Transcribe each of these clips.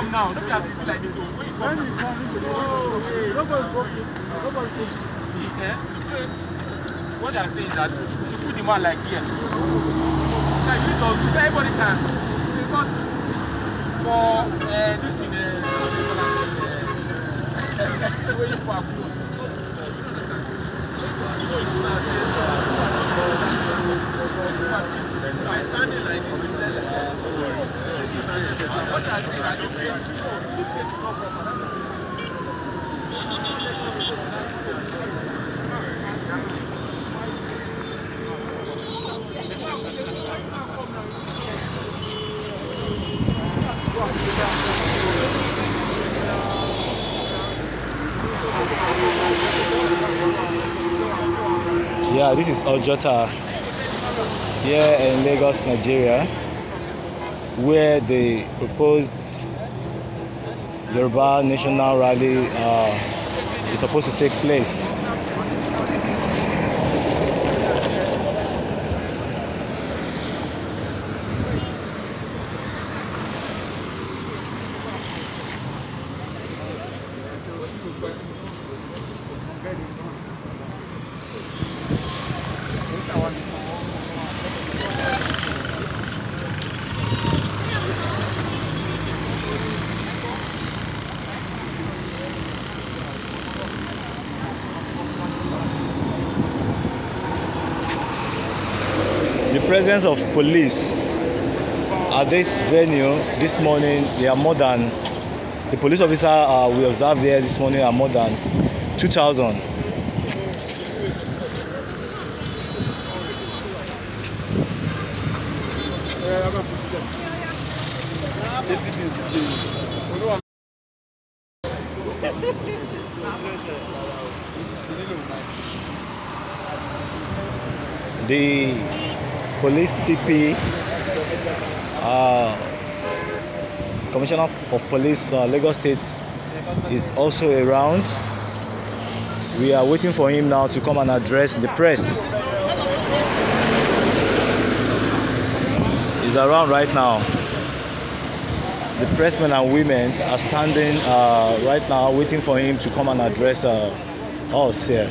come now. Look at people like this. When you come, when you come, nobody is working. Nobody is working. Yeah. what they are saying is that you put the man like here. Like you don't. Everybody can. Because for uh, this thing, uh, uh, waiting for approval. By standing like this, you said, like, don't worry. yeah this is Ojota here in Lagos Nigeria where the proposed Yoruba National Rally uh, is supposed to take place. Thank the presence of police at this venue this morning they are more than the police officer uh, we observed there this morning are more than 2000 the Police CP, uh, Commissioner of Police uh, Lagos State is also around. We are waiting for him now to come and address the press. He's around right now. The pressmen and women are standing uh, right now waiting for him to come and address uh, us here.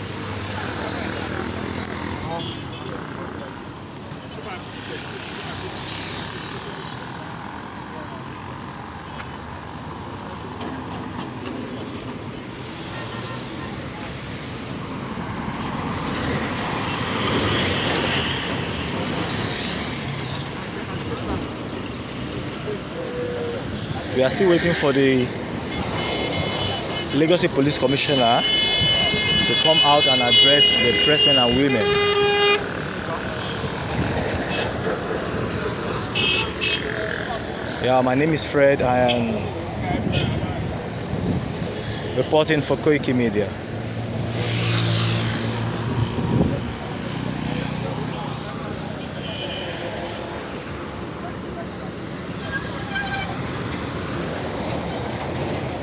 We are still waiting for the Lagos State Police Commissioner to come out and address the pressmen and women. Yeah, my name is Fred. I am reporting for Koiki Media.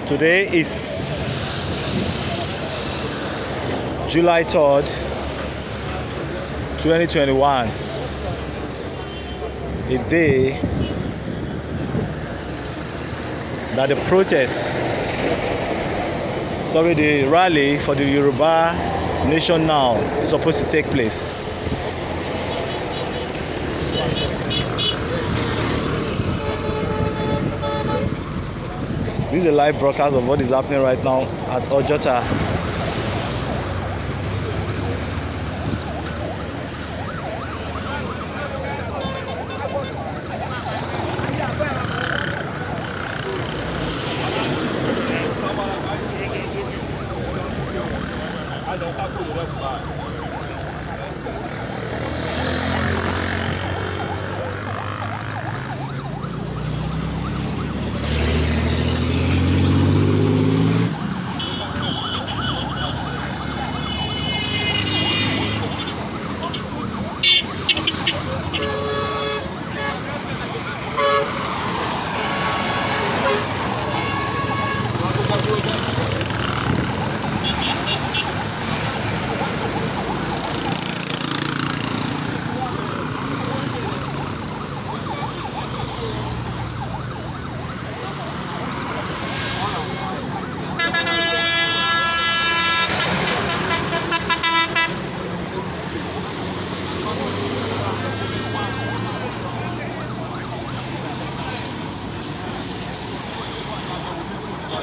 Today is July 3rd, 2021. A day that the protest, sorry, the rally for the Yoruba nation now is supposed to take place. This is a live broadcast of what is happening right now at Ojota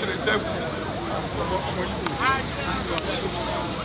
bẹ̀rẹ̀ sẹ́fù ọmọ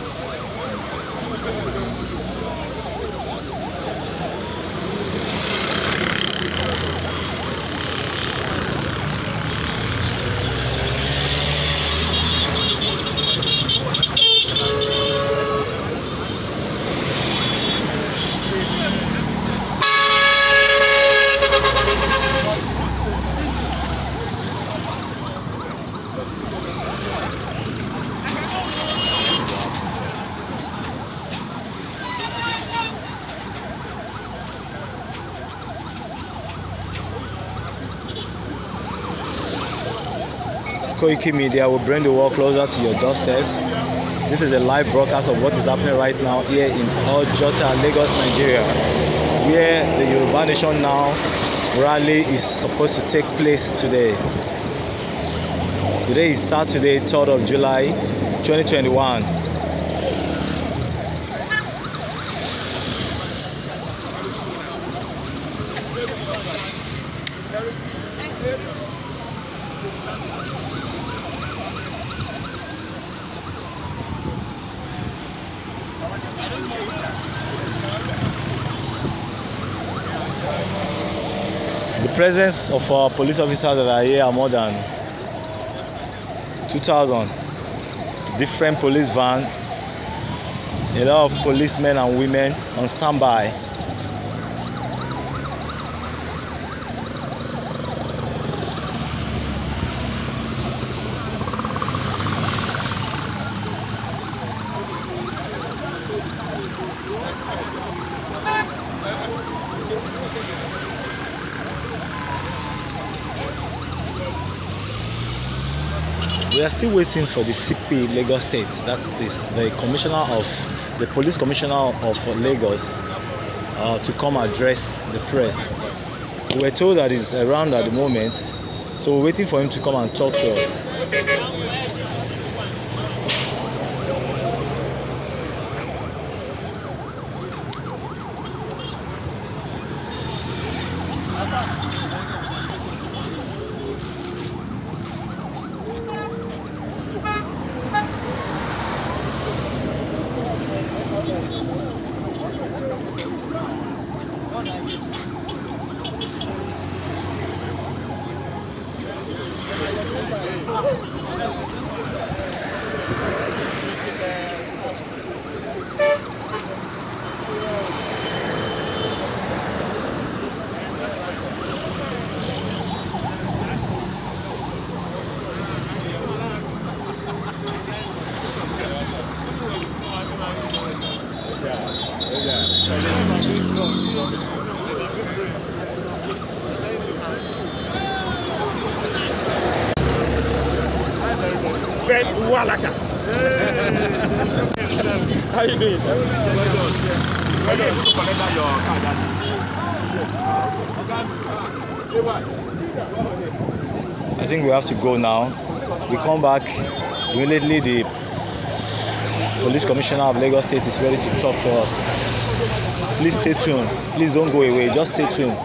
Koiki Media, will bring the world closer to your doorsteps. This is a live broadcast of what is happening right now here in Ojota, Lagos, Nigeria, where the Yoruba Nation Now rally is supposed to take place today. Today is Saturday, 3rd of July, 2021. presence of our police officers that are here are more than 2,000. Different police vans, a lot of policemen and women on standby. we are still waiting for the CP Lagos State, that is the Commissioner of the Police Commissioner of Lagos, uh, to come address the press. We were told that he's around at the moment, so we're waiting for him to come and talk to us. Fred Walaka. How you doing? Well done. I think we have to go now. We come back. Immediately, the police commissioner of Lagos State is ready to talk to us. Please stay tuned. Please don't go away. Just stay tuned.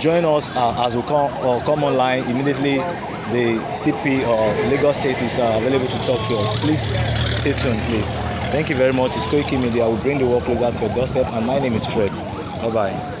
Join us uh, as we come, uh, come online immediately the CP or Lagos State is uh, available to talk to us. Please stay tuned, please. Thank you very much. It's Koiki Media. I will bring the world closer to your doorstep. And my name is Fred. Bye bye.